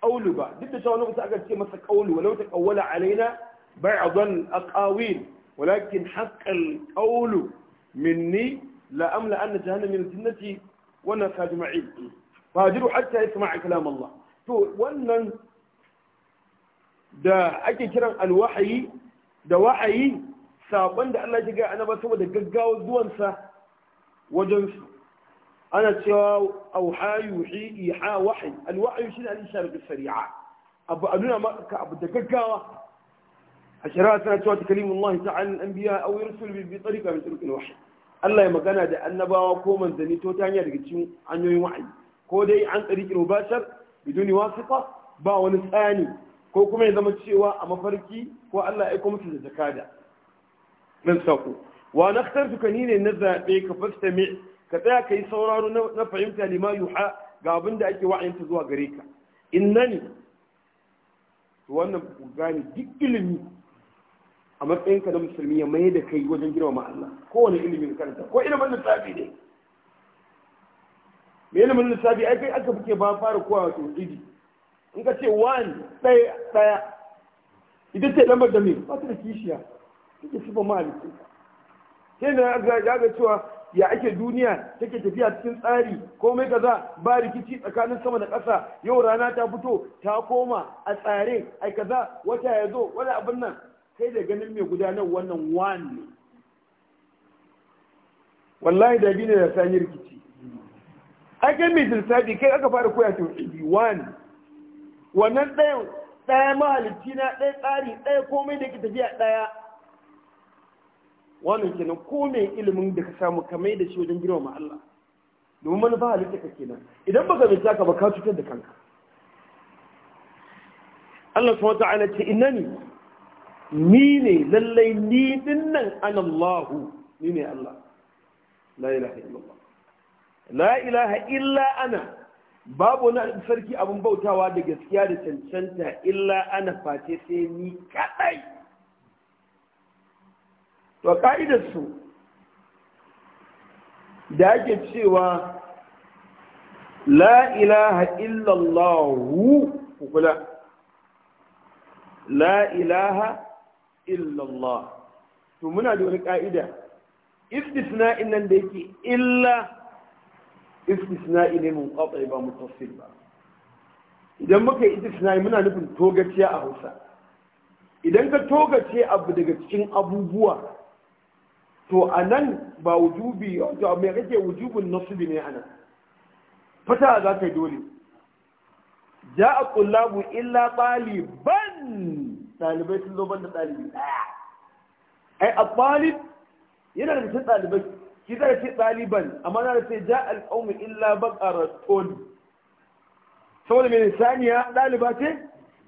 kaulu ba duk da cewa lokaci aka ce masa kaulu walau ta kawwala alaina ba'dhan aqawil walakin haqqal qawlu minni la amla anna jahannama min jinnati wa nas fajiru hatta yasma'a kalam Allah to wannan da ake kiran alwahayi da wahayi saban da Allah ya ga annaba da gaggawa zuwansa wajen su ana cewa auha yuhi iha wahyi alwahyu shine al-ishara bi sari'a abu anuna maka abu da gaggawa a shari'a tana cewa ta kalimun Allah ta'ala al-anbiya aw yursul bi tariqa min turuq al-wahyi Allah ya magana da annabawa ko manzanni to ta hanyar daga cikin hanyoyin wahayi ko dai an tsariƙin mubashar biduni wasiqa ba wani tsani ko kuma ya zama cewa a mafarki ko Allah ya kuma musu da jakada nan sako wa na ka ni ne na zaɓe ka mai ka tsaya ka yi sauraro na fahimta lima yuha ga abin da ake wa'ayinta zuwa gare ka innani to wannan ku gane duk ilimi a matsayinka na musulmi ya mai da kai wajen girmama Allah kowane ilimin karanta ko ilimin lissafi ne me ilimin lissafi ai kai aka fike ba fara kowa tauhidi in ka ce one ɗaya ɗaya ita ce lamar da me ba ta da kishiya take sifa mahalicin sai na ya ga cewa ya ake duniya take tafiya cikin tsari komai kaza ba rikici tsakanin sama da ƙasa yau rana ta fito ta koma a tsare ai kaza wata ya zo wani abin nan sai da ganin mai gudanar wannan wani ne wallahi da bi ne da sani rikici ai kai mai lissafi kai aka fara koya ta wani wannan ɗayan ɗaya mahalicci na ɗaya tsari ɗaya komai da ke tafiya ɗaya wannan kenan ko mai ilimin da ka samu kamai da shi wajen girmama Allah domin manufa halitta ka kenan idan baka mai ka ba ka cutar da kanka Allah subhanahu ta'ala ce innani ni ne lallai ni dinnan anallahu ni ne Allah la ilaha illallah la ilaha illa ana babu wani sarki abin bautawa da gaskiya da cancanta illa ana face sai ni kadai to ka'idarsu da ake cewa la ilaha illallahu kula la ilaha illallah to muna da wani ka'ida istisna'in nan da yake illa istisna'i ne mun ba mutafsir ba idan muka yi istisna'i muna nufin togaciya a hausa idan ka togace abu daga cikin abubuwa to a nan ba wujubi to me kake wujubin nasibi ne anan fata za ka yi dole ja'a qullabu illa ɗaliban ɗalibai sun zo banda ɗalibi ɗaya ai a ɗalib yana da cikin ɗalibai shi zai ce ɗaliban amma na da sai ja alƙaumin illa baƙaratun saboda mai saniya ɗaliba ce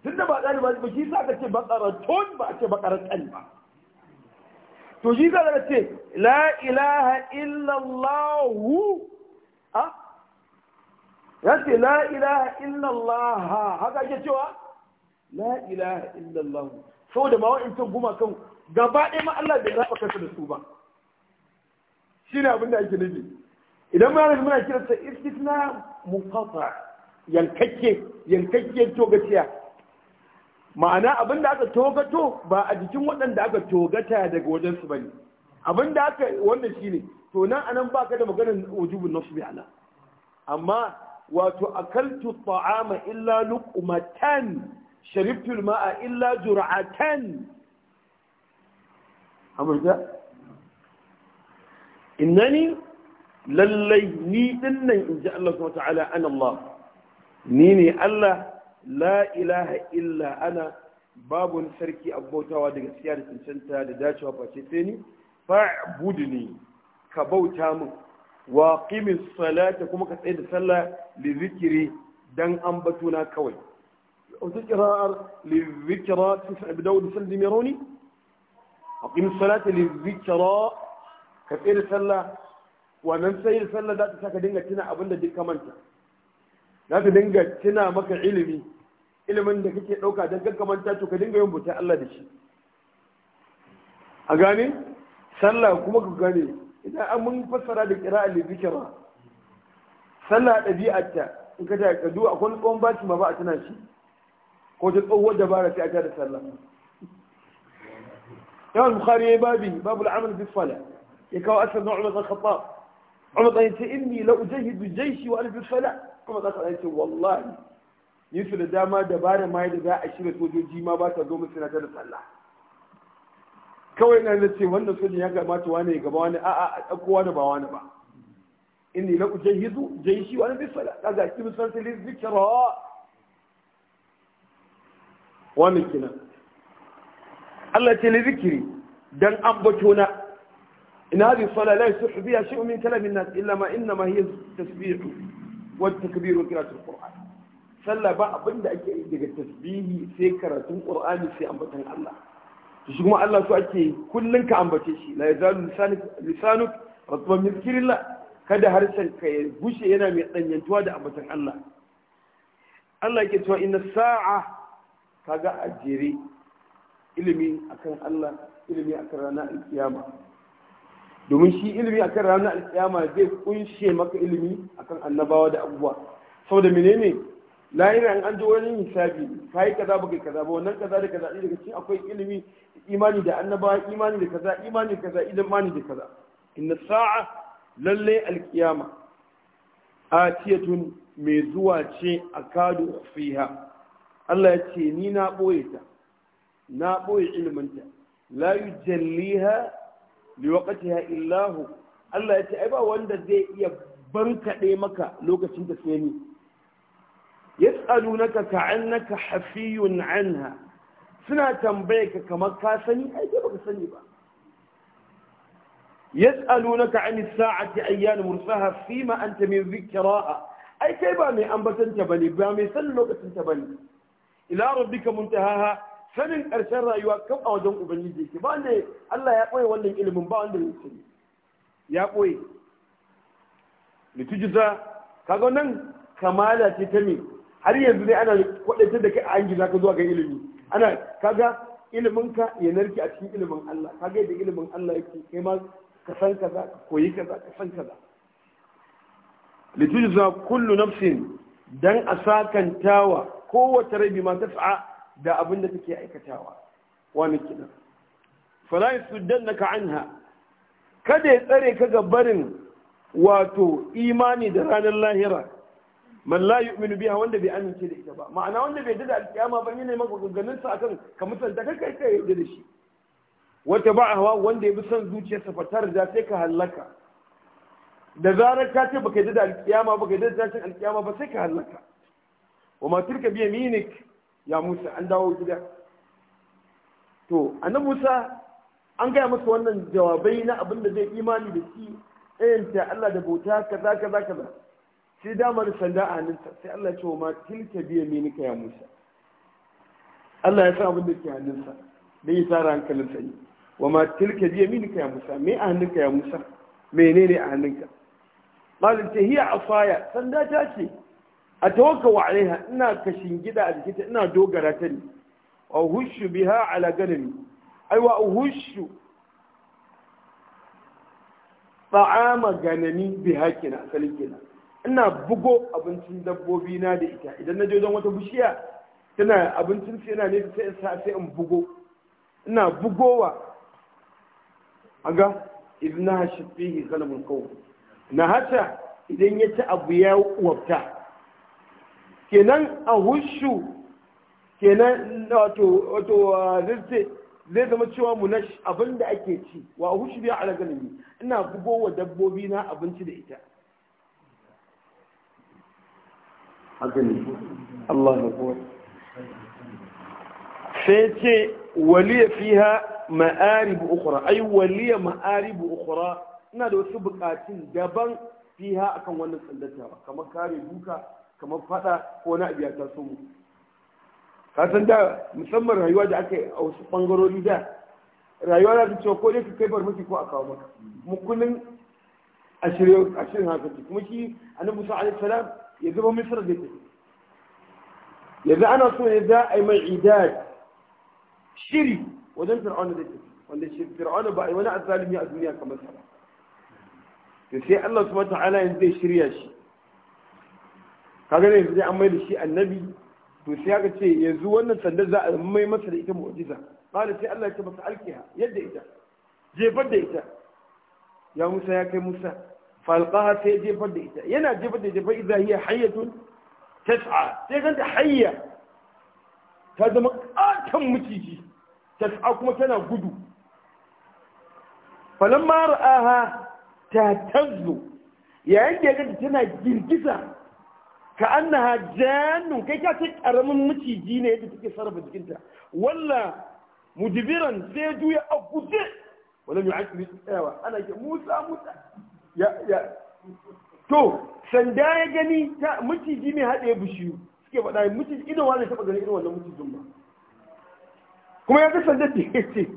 tun da ba ɗaliba ba shi sa ka ce baƙaratun ba a ce baƙaratun ba to shi sa ka ce la ilaha illallahu a ya ce la ilaha illallah haka ake cewa la ilaha illallah saboda ma wa'in can gumakan gaba ɗaya ma Allah bai zaɓa kansa da su ba shine abin da ake nufi idan ma muna ta istisna munqata yankakke yankake togaciya ma'ana abin da aka togato ba a jikin waɗanda aka togata daga wajen su bane abin da aka wannan shine to nan anan baka da maganar wujubun nafsi bi ala amma wato akaltu ta'ama illa luqmatan sharibtu maa illa jur'atan amma innani lallai ni dinnan in ji Allah subhanahu ta'ala ana Allah ni ne Allah la ilaha illa ana babu wani sarki abautawa daga gaskiya da cancanta da dacewa face sai ni fa'budni ka bauta min wa qimis salata kuma ka tsaye da sallah li zikri dan ambatuna kawai وذكرى للذكرى تسع بداود سلم يروني أقيم الصلاة للذكرى ka tsaye sallah wannan yin sallah za ta saka dinga tuna abin da duka manta za ta dinga tuna maka ilimi ilimin da kake ɗauka don kanka manta to ka dinga yin bauta Allah da shi a gane sallah kuma ka gane idan an mun fassara da kira al-zikra sallah ɗabi'arta in ka ta kadu akwai tsohon bashi ma ba a tuna shi ko ta tsohuwar dabara sai a ta sallah yawan bukhari ya yi babi babu al'amal fi ya kawo asar na umar ɗan khattab umar ce inni la ujahidu jaishi wa alfi fala kuma za ka ce wallahi yin da dama dabara ma da za a shirya sojoji ma ba ta zo musu na kawai na da ce wannan sojin ya kamata wani ya gaba wani a'a a ɗauko da ba wani ba Allah ce dan ambato na إن هذه الصلاة لا يصح بها شيء من كلام الناس إلا ما إنما هي التسبيح والتكبير وقراءة القرآن صلى بقى بند أكيد التسبيح في قراءة القرآن في أنبتة الله تشكو الله سو أكي كلنك أنبتة شيء لا يزال لسانك لسانك رطبا من ذكر الله kada harshen ka ya bushe yana mai tsanyantuwa da ambatan Allah Allah yake cewa inna sa'a kaga ajere ilimi akan Allah ilimi akan rana alkiyama domin shi ilimi a kan ranar alkiyama zai kunshe maka ilimi a kan annabawa da abubuwa saboda menene lahira in an ji wani hisabi yi kaza ba kai kaza ba wannan kaza da kaza daga cikin akwai ilimi imani da annabawa imani da kaza imani da kaza imani da kaza inna sa'a lalle alkiyama atiyatun mai zuwa ce a kadu fiha Allah ya ce ni na boye ta na boye ilimin ta la yujalliha liwaqatiha illahu Allah ya ce ai ba wanda zai iya bankaɗe maka lokacin da sai ni yas'alunaka ka'annaka hafiyun anha suna tambaye ka kamar ka sani ai ba baka sani ba yas'alunaka 'ani sa'ati ayyan mursaha fima anta min dhikraha ai kai ba mai ambatanta bane ba mai san lokacin ta bane ila rabbika muntahaha sanin ƙarshen rayuwa kan a wajen ubangiji yake ba wanda Allah ya ɓoye wannan ilimin ba wanda ya sani ya ɓoye litujiza kaga nan kamala ce ta me har yanzu ne ana kwaɗaita da kai a an gina ka zuwa ga ilimi ana kaga ilimin ka ya narke a cikin ilimin Allah kaga yadda ilimin Allah yake kai ma ka san kaza ka koyi kaza ka san kaza litujiza kullu nafsin dan a sakantawa kowace rabi ma ta sa'a da abin da take aikatawa wani kidan fala yasuddannaka anha kada ya tsare ka ga barin wato imani da ranar lahira man la yu'minu biha wanda bai amince da ita ba ma'ana wanda bai yarda da alkiyama ba yana maka ganganin sa akan ka musanta kai kai ka yarda da shi wata ba hawa wanda ya bi son zuciyarsa fatar da sai ka hallaka da zarar ka ce baka yarda da alkiyama baka yarda da tashin alkiyama ba sai ka hallaka wa ma tilka bi yaminik ya musa an dawo gida to annabi musa an gaya masa wannan jawabai na abin da zai imani da shi ayanta Allah da bauta kaza kaza kaza sai damar sanda a hannunsa sai Allah ya ce wa ma tilka biya minika ya musa Allah ya san abin da ke hannunsa da ya tsara hankalin sanyi wa ma tilka biya minika ya musa me a hannunka ya musa menene a hannunka malin ta hiya afaya sanda ta ce a wa alaiha ina kashin gida a jikinta ina dogara ta ne a hushu biha ala ganami ai a hushu ta'ama ganami biha kina asalin kina ina bugo abincin dabbobi na da ita idan na je don wata bishiya tana abincin sai yana nesa sai sa sai in bugo ina bugowa aga idna hashifihi kalamun kawo. na hata idan ya ci abu ya wabta kenan a hushu kenan wato wato zai zai zama cewa mu na abin da ake ci wa a hushu biya ala galimi ina bugo wa dabbobi na abinci da ita Allah na sai ce waliya fiha ma'aribu ukura ai waliya ma'aribu ukura ina da wasu bukatun daban fiha akan wannan tsallatawa kamar kare duka kamar fada ko na abu ya taso mu ka san da musamman rayuwa da aka yi a wasu bangarori da rayuwa na ta cewa ko dai ka kai farmaki ko a kawo maka mu kullun a shirin haka kuma shi annabi musa alaihi salam ya zuba misra da ke yanzu ana so ne za a yi mai idad shiri wajen fir'auna da ke wanda shi fir'auna ba a yi wani azalimi a duniya kamar sa ba sai Allah subhanahu wa ta'ala yanzu zai shirya shi kaga ne yanzu an mai da shi annabi to sai aka ce yanzu wannan sandar za a mai masa da ita mu'jiza qala sai Allah ya ce masa yadda ita jefar da ita ya Musa ya kai Musa falqaha sai jefar da ita yana jefar da jefar idza hiya hayyatun tas'a sai ta hayya ta zama katan miciji tas'a kuma tana gudu falamma ra'aha ta tazzu yayin da ya tana girgiza ka na jannun kai ka ce karamin maciji ne yadda take sarrafa jikinta walla mujibiran sai juya a guje wala mai aiki ne tsayawa ana ke musa musa ya ya to sanda ya gani ta maciji mai haɗe bishiyu suke faɗa maciji idan wani taɓa gani irin wannan macijin ba kuma ya ga sanda da ya ce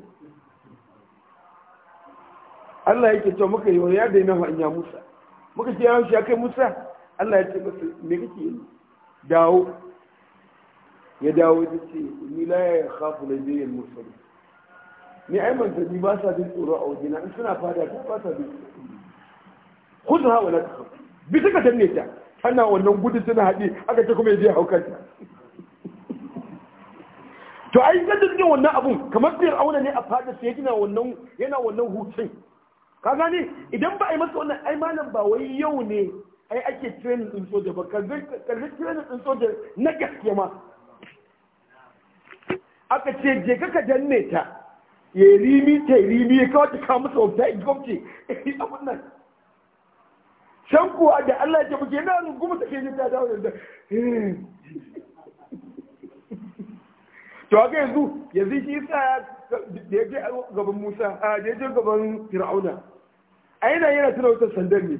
Allah yake cewa muka yi wani ya daina hanya Musa muka ce ya kai Musa Allah ya ce masa me kake yi dawo ya dawo ya ce ni la ya khafu la lajdiyal mursalin ni ai manzanni ba sa jin tsoro a wajena in suna fada ta ba sa jin tsoro kudu ha wala ka bi suka danne ta tana wannan gudu suna haɗe aka ce kuma ya je haukar ta (laughs) to ai ga duk wannan abun kamar biyar auna ne a fada sai yana wannan yana wannan hutun ka gane idan ba a yi masa wannan ai malam ba wai yau ne ai ake training din soja ba kalbi training din soja na gaske ma aka ce je ka danne ta ya rimi ta rimi ya kawo ta kawo masa wata gwamce abin nan can kuwa da Allah ya muke na runguma ta ke ta dawo da. (laughs) to haka yanzu yanzu shi isa da ya je gaban Musa da ya je gaban Fir'auna a yana yana tuna wata sandar ne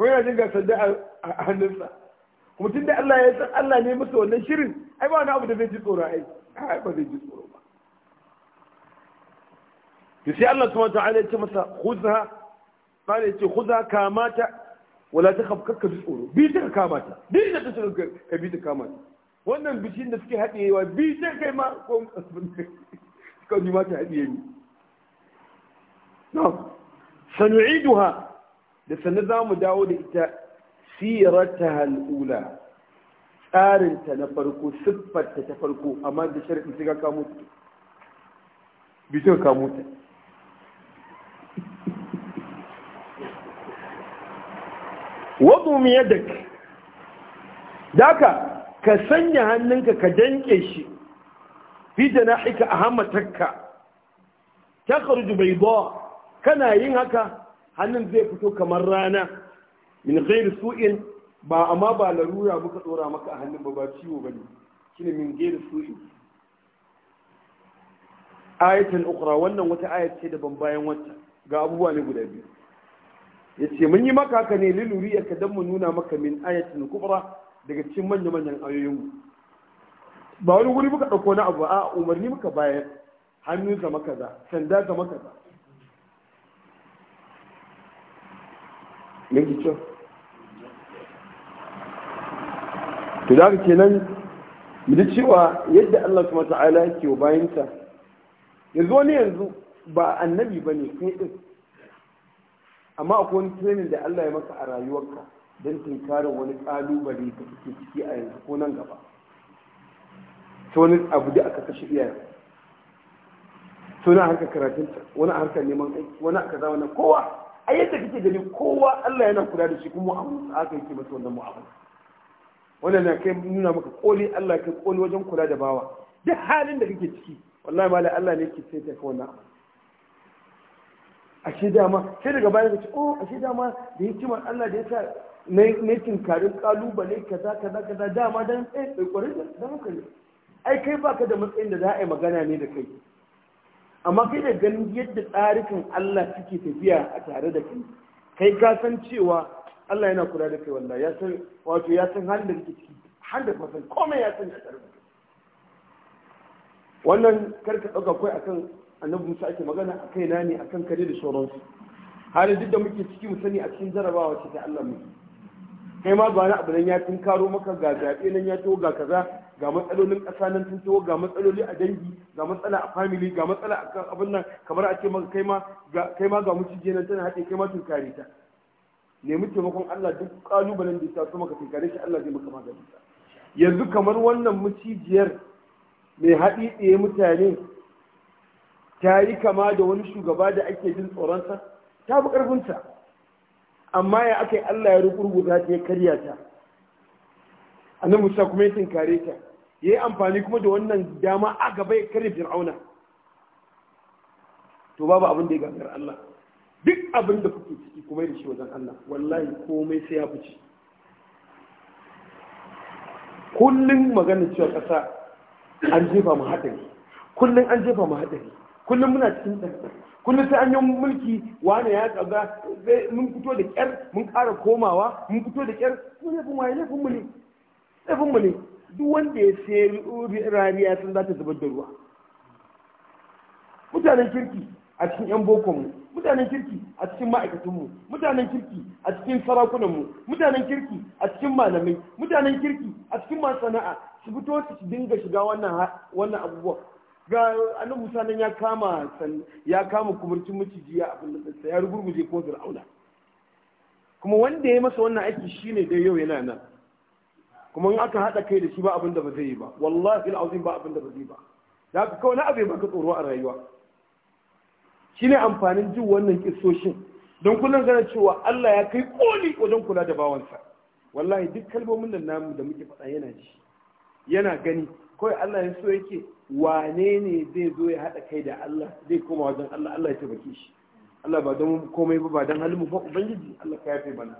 ko yana jin ga sanda a hannunsa kuma tun da Allah ya san Allah ne masa wannan shirin ai ba wani abu da zai ji tsoro ai ai ba zai ji tsoro ba to sai Allah subhanahu wa ta'ala ya ce masa khudha qala ya ce khudha kamata wala ta khaf kakka ji tsoro bi ta kamata bi ta ta shiga ka bi ta kamata wannan bishin da suke haɗewa bi ta kai ma ko (laughs) ka ji ma ta haɗiye ni na'am sanu'iduha da sannu za mu dawo da ita sirarta hal'ula tsarinta na farko siffarta ta farko amma da sharaɗin sai ka kamo ta bitin kamo ta wato mu yadda daka ka sanya hannunka ka danke shi fi jana'ika a hamatarka ta karju bai kana yin haka hannun zai fito kamar rana min ghairi su'in ba amma ba larura muka dora maka a hannun ba ba ciwo bane shine min ghairi su'in ayatan ukra wannan wata ayat ce daban bayan wata ga abubuwa ne guda biyu yace mun yi maka haka ne liluri ya kadan mu nuna maka min ayatin kubra daga cikin manyan manyan ayoyin mu ba wani guri muka dauko na abu a umarni muka bayar hannu zama za sanda maka za mai kyau to da ke nan ji cewa yadda Allah subhanahu ta'ala yake wa bayanta. yanzu wani yanzu ba annabi ba ne kai din amma akwai wani training da Allah ya maka a rayuwarka don tunkarin wani kalubale da kake ciki a yanzu ko nan gaba To wani abu da aka kashe iyayen ta wani harkar karatunta wani harkar neman aiki wani aka zama na kowa a yadda kake gani kowa Allah yana kula da shi kuma mu'amala aka yake masa wannan mu'amala wannan na kai nuna maka koli Allah kai koli wajen kula da bawa duk halin da kake ciki wallahi malai Allah ne yake sai ka wannan a shi dama sai daga baya ka ce oh a shi dama da hikimar Allah da ya sa na yi karin kalubale kaza kaza kaza dama dan tsaye eh, kwarin da muka ne ai kai baka da matsayin da za a yi magana ne da kai amma kai da ganin yadda tsarikan Allah suke tafiya a tare da kai kai ka san cewa Allah yana kula da kai wallahi ya san wato ya san halin da kake ciki halin da komai ya san da tare wannan karka dauka kai akan annabi Musa ake magana a kaina ne akan kare da sauransu halin duk da muke ciki mu sani a cikin jarabawa ce ta Allah mu kai ma ba na abu nan ya tinkaro maka ga zaɓe nan ya to ga kaza ga matsalolin ƙasa nan sun taho ga matsaloli a dangi ga matsala a family ga matsala a kan abin nan kamar a ce maka kai ma kai ma ga muciji nan tana haɗe kai ma tun kare ta nemi taimakon Allah duk ƙalubalen da ta so maka tun kare shi Allah zai maka magani yanzu kamar wannan mucijiyar mai haɗi ɗaya mutane ta yi kama da wani shugaba da ake jin tsoronsa ta fi ƙarfinsa amma ya aka yi Allah ya rukurguza ta ya karya ta annabi Musa kuma ya tunkare ta ya yi amfani kuma da wannan dama a gaba ya kare fir'auna to babu abin da ya gangar Allah duk abin da kuke ciki kuma da shi wajen Allah wallahi komai sai ya fice kullum magana cewa ƙasa an jefa mu haɗari kullum an jefa mu haɗari kullum muna cikin tsarki kullum sai an yi mulki wani ya tsaga. mun fito da kyar mun ƙara komawa mun fito da kyar mun laifin fumaye laifin mu ne mu ne duk wanda ya sayar rariya sun za ta zubar da ruwa mutanen kirki a cikin 'yan bokonmu mutanen kirki a cikin ma'aikatanmu mutanen kirki a cikin sarakunanmu mutanen kirki a cikin malamai mutanen kirki a cikin masu sana'a su fito su dinga shiga wannan abubuwa ga annan musa ya kama ya kama kumurcin maciji ya abin da ya rugurguje ko zir'auna kuma wanda ya masa wannan aiki shine dai yau yana nan kuma in aka haɗa kai da shi ba abin da ba zai yi ba wallahi al'azim ba abin da ba zai ba da haka kawai na abu baka tsoro a rayuwa Shi ne amfanin jin wannan kissoshin don kullum gana cewa Allah ya kai koli wajen kula da bawansa wallahi duk kalmomin nan namu da muke faɗa yana ji yana gani kawai Allah ya so yake wane ne zai zo ya haɗa kai da Allah zai koma wajen Allah Allah ya taimake shi Allah ba don komai ba ba don halin mu fa ubangiji Allah ka yafe bana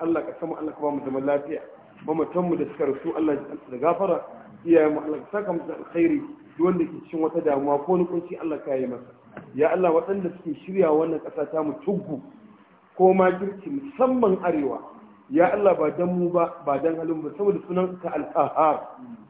Allah ka sama Allah ka ba mu zaman lafiya mamatanmu da suka rasu Allah da gafara iyayen mu Allah saka musu alkhairi duk wanda ke cikin wata damuwa ko wani kunci Allah ka yi masa ya Allah waɗanda suke shirya wannan ƙasa ta mu tuggu ko ma girki musamman arewa ya Allah ba dan mu ba ba dan halin ba saboda sunanka al-qahhar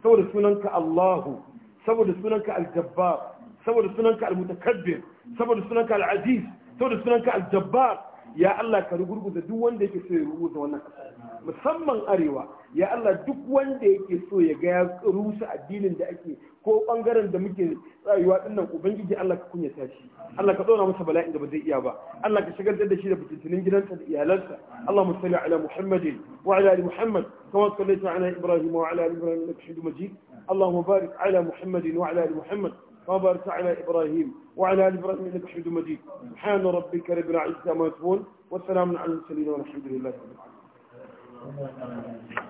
saboda sunanka Allahu saboda sunanka al-jabbar saboda sunanka al-mutakabbir saboda sunanka al-aziz saboda sunanka al-jabbar ya Allah ka rugurguza duk wanda yake so ya rugurguza wannan ƙasa musamman arewa ya Allah duk wanda yake so ya ga ya rusa addinin da ake ko bangaren da muke tsayuwa din nan ubangiji Allah ka kunyata shi Allah ka dora masa bala'in da ba zai iya ba Allah ka shigar da shi da fitintunin gidansa da iyalansa Allahumma salli ala Muhammadin wa ala ali Muhammad kama sallaita ala Ibrahim wa ala ali Ibrahim innaka Hamidum Majid Allahumma barik ala Muhammadin wa ala ali Muhammad kama barakta ala Ibrahim wa ala ali Ibrahim innaka Hamidum Majid subhana rabbika rabbil izzati amma yasifun wa salamun ala al-mursalin walhamdulillahi rabbil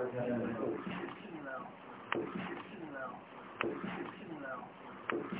No. No. No.